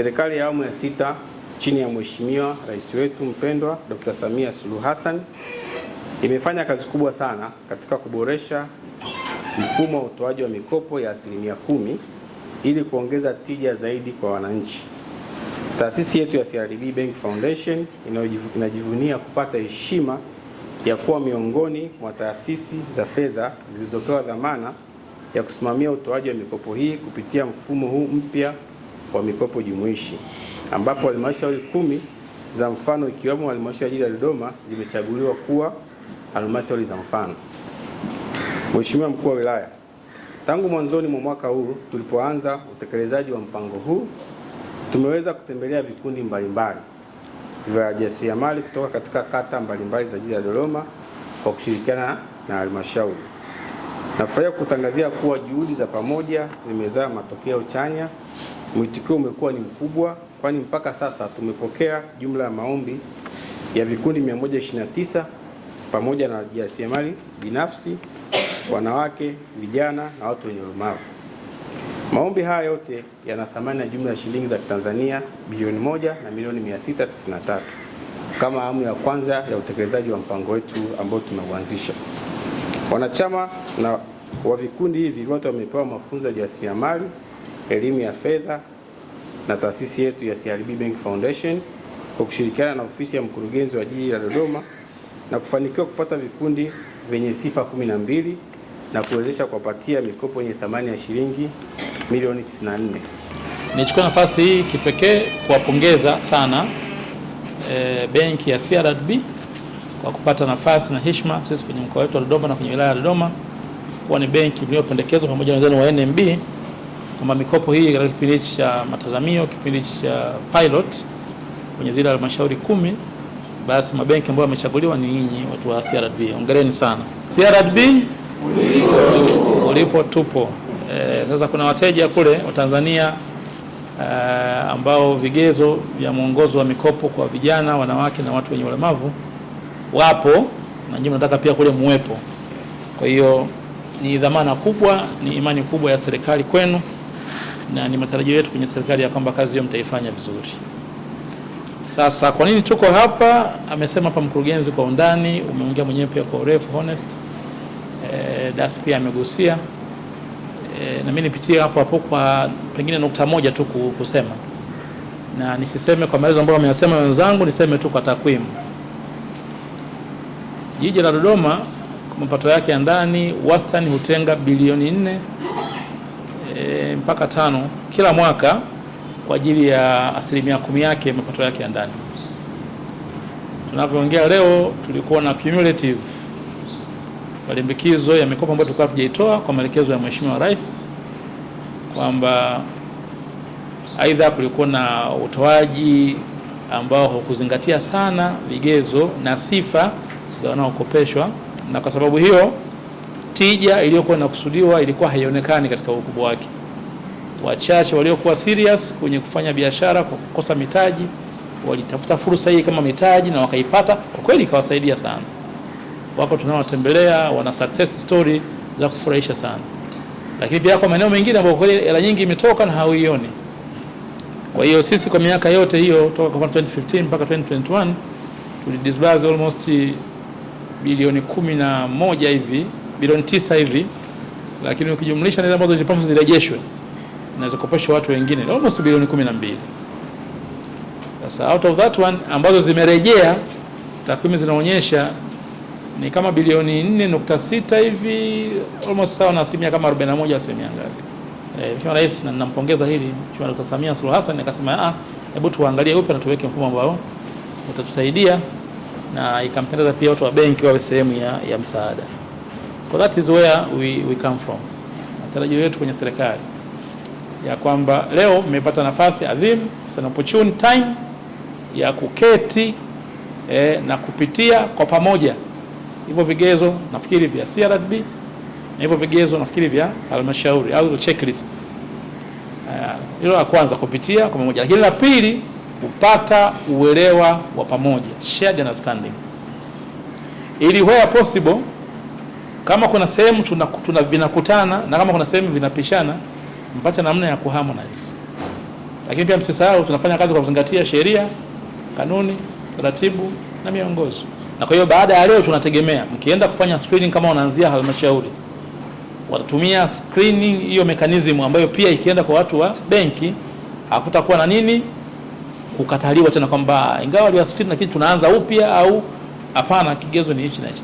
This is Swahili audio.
Serikali ya awamu ya sita chini ya Mheshimiwa Rais wetu mpendwa Dr. Samia Suluhu Hassan imefanya kazi kubwa sana katika kuboresha mfumo wa utoaji wa mikopo ya asilimia kumi ili kuongeza tija zaidi kwa wananchi. Taasisi yetu ya CRDB Bank Foundation inajivunia kupata heshima ya kuwa miongoni mwa taasisi za fedha zilizopewa dhamana ya kusimamia utoaji wa mikopo hii kupitia mfumo huu mpya wa mikopo jumuishi ambapo halmashauri kumi za mfano ikiwemo halmashauri ya jiji la Dodoma zimechaguliwa kuwa halmashauri za mfano. Mheshimiwa mkuu wa wilaya, tangu mwanzoni mwa mwaka huu tulipoanza utekelezaji wa mpango huu tumeweza kutembelea vikundi mbalimbali vya wajasiriamali kutoka katika kata mbalimbali za jiji la Dodoma kwa kushirikiana na halmashauri. Nafurahi kutangazia kuwa juhudi za pamoja zimezaa matokeo chanya Mwitikio umekuwa ni mkubwa, kwani mpaka sasa tumepokea jumla ya maombi ya vikundi 129 pamoja na jasiriamali binafsi, wanawake, vijana na watu wenye ulemavu. Maombi haya yote yana thamani ya jumla ya shilingi za Tanzania bilioni moja na milioni 693 kama awamu ya kwanza ya utekelezaji wa mpango wetu ambao tumeuanzisha. Wanachama na wa vikundi hivi wote wamepewa mafunzo ya jasiriamali elimu ya fedha na taasisi yetu ya CRB Bank Foundation kwa kushirikiana na ofisi ya mkurugenzi wa jiji la Dodoma na kufanikiwa kupata vikundi vyenye sifa kumi na mbili na kuwezesha kuwapatia mikopo yenye thamani ya shilingi milioni 94. Nichukua nafasi hii kipekee kuwapongeza sana e, benki ya CRDB kwa kupata nafasi na heshima sisi kwenye mkoa wetu wa Dodoma na kwenye wilaya ya Dodoma kuwa ni benki iliyopendekezwa pamoja na wenzenu wa NMB kwamba mikopo hii katika kipindi hichi cha matazamio, kipindi hichi cha pilot kwenye zile halmashauri kumi, basi mabenki ambayo yamechaguliwa ni nyinyi watu wa CRDB. Hongereni sana CRDB, ulipo tupo. E, kuna wateja kule wa Tanzania e, ambao vigezo vya mwongozo wa mikopo kwa vijana, wanawake na watu wenye ulemavu wapo na nyinyi mnataka pia kule muwepo. Kwa hiyo ni dhamana kubwa, ni imani kubwa ya serikali kwenu na ni matarajio yetu kwenye serikali ya kwamba kazi hiyo mtaifanya vizuri. Sasa kwa nini tuko hapa? Amesema hapa mkurugenzi kwa undani, umeongea mwenyewe pia kwa urefu honest. E, das pia amegusia e, na mimi nipitie hapo hapo kwa pengine nukta moja tu kusema, na nisiseme kwa maelezo ambayo ameyasema wenzangu, niseme tu kwa takwimu. Jiji la Dodoma mapato yake ya ndani wastani hutenga bilioni nne e, mpaka tano kila mwaka kwa ajili ya asilimia kumi yake mapato yake ya ndani. Tunavyoongea leo, tulikuwa na cumulative malimbikizo ya mikopo ambayo tulikuwa tujaitoa kwa maelekezo ya Mheshimiwa Rais kwamba aidha kulikuwa na utoaji ambao hukuzingatia sana vigezo na sifa za wanaokopeshwa, na kwa sababu hiyo tija iliyokuwa inakusudiwa ilikuwa haionekani katika ukubwa wake. Wachache waliokuwa serious kwenye kufanya biashara kwa kukosa mitaji walitafuta fursa hii kama mitaji na wakaipata, kwa kweli ikawasaidia sana. Wako tunaowatembelea wana success story za kufurahisha sana, lakini pia kwa maeneo mengine ambayo kweli hela nyingi imetoka na hauioni. Kwa hiyo sisi kwa miaka yote hiyo toka kwa 2015 mpaka 2021 tulidisburse almost bilioni kumi na moja hivi bilioni tisa hivi, lakini ukijumlisha zile ambazo zilipaswa zirejeshwe naweza zikopeshwa watu wengine almost bilioni 12. Sasa out of that one ambazo zimerejea takwimu zinaonyesha ni kama bilioni 4.6 hivi almost sawa na asilimia kama 41 asilimia ngapi. Eh, Mheshimiwa Rais na nampongeza hili Mheshimiwa Dkt. Samia Suluhu Hassan akasema ah, hebu tuangalie upya na tuweke mfumo ambao utatusaidia na ikampendeza pia watu wa benki wawe sehemu ya, ya msaada. So that is where we, we come from. Matarajio yetu kwenye serikali ya kwamba leo mmepata nafasi adhimu, it's an opportune time ya kuketi eh, na kupitia kwa pamoja hivyo vigezo nafikiri vya CRDB na hivyo vigezo nafikiri vya halmashauri au checklist. Eh, hilo uh, la kwanza kupitia kwa pamoja, lakini la pili kupata uelewa wa pamoja, shared understanding, ili where possible kama kuna sehemu tuna vinakutana na kama kuna sehemu vinapishana, mpate namna ya kuharmonize. Lakini pia msisahau, tunafanya kazi kwa kuzingatia sheria, kanuni, taratibu na miongozo. Na kwa hiyo baada ya leo tunategemea mkienda kufanya screening, kama wanaanzia halmashauri, watatumia screening hiyo mechanism ambayo pia ikienda kwa watu wa benki hakutakuwa na nini kukataliwa tena kwamba ingawa screen lakini tunaanza upya au hapana, kigezo ni hichi na hichi.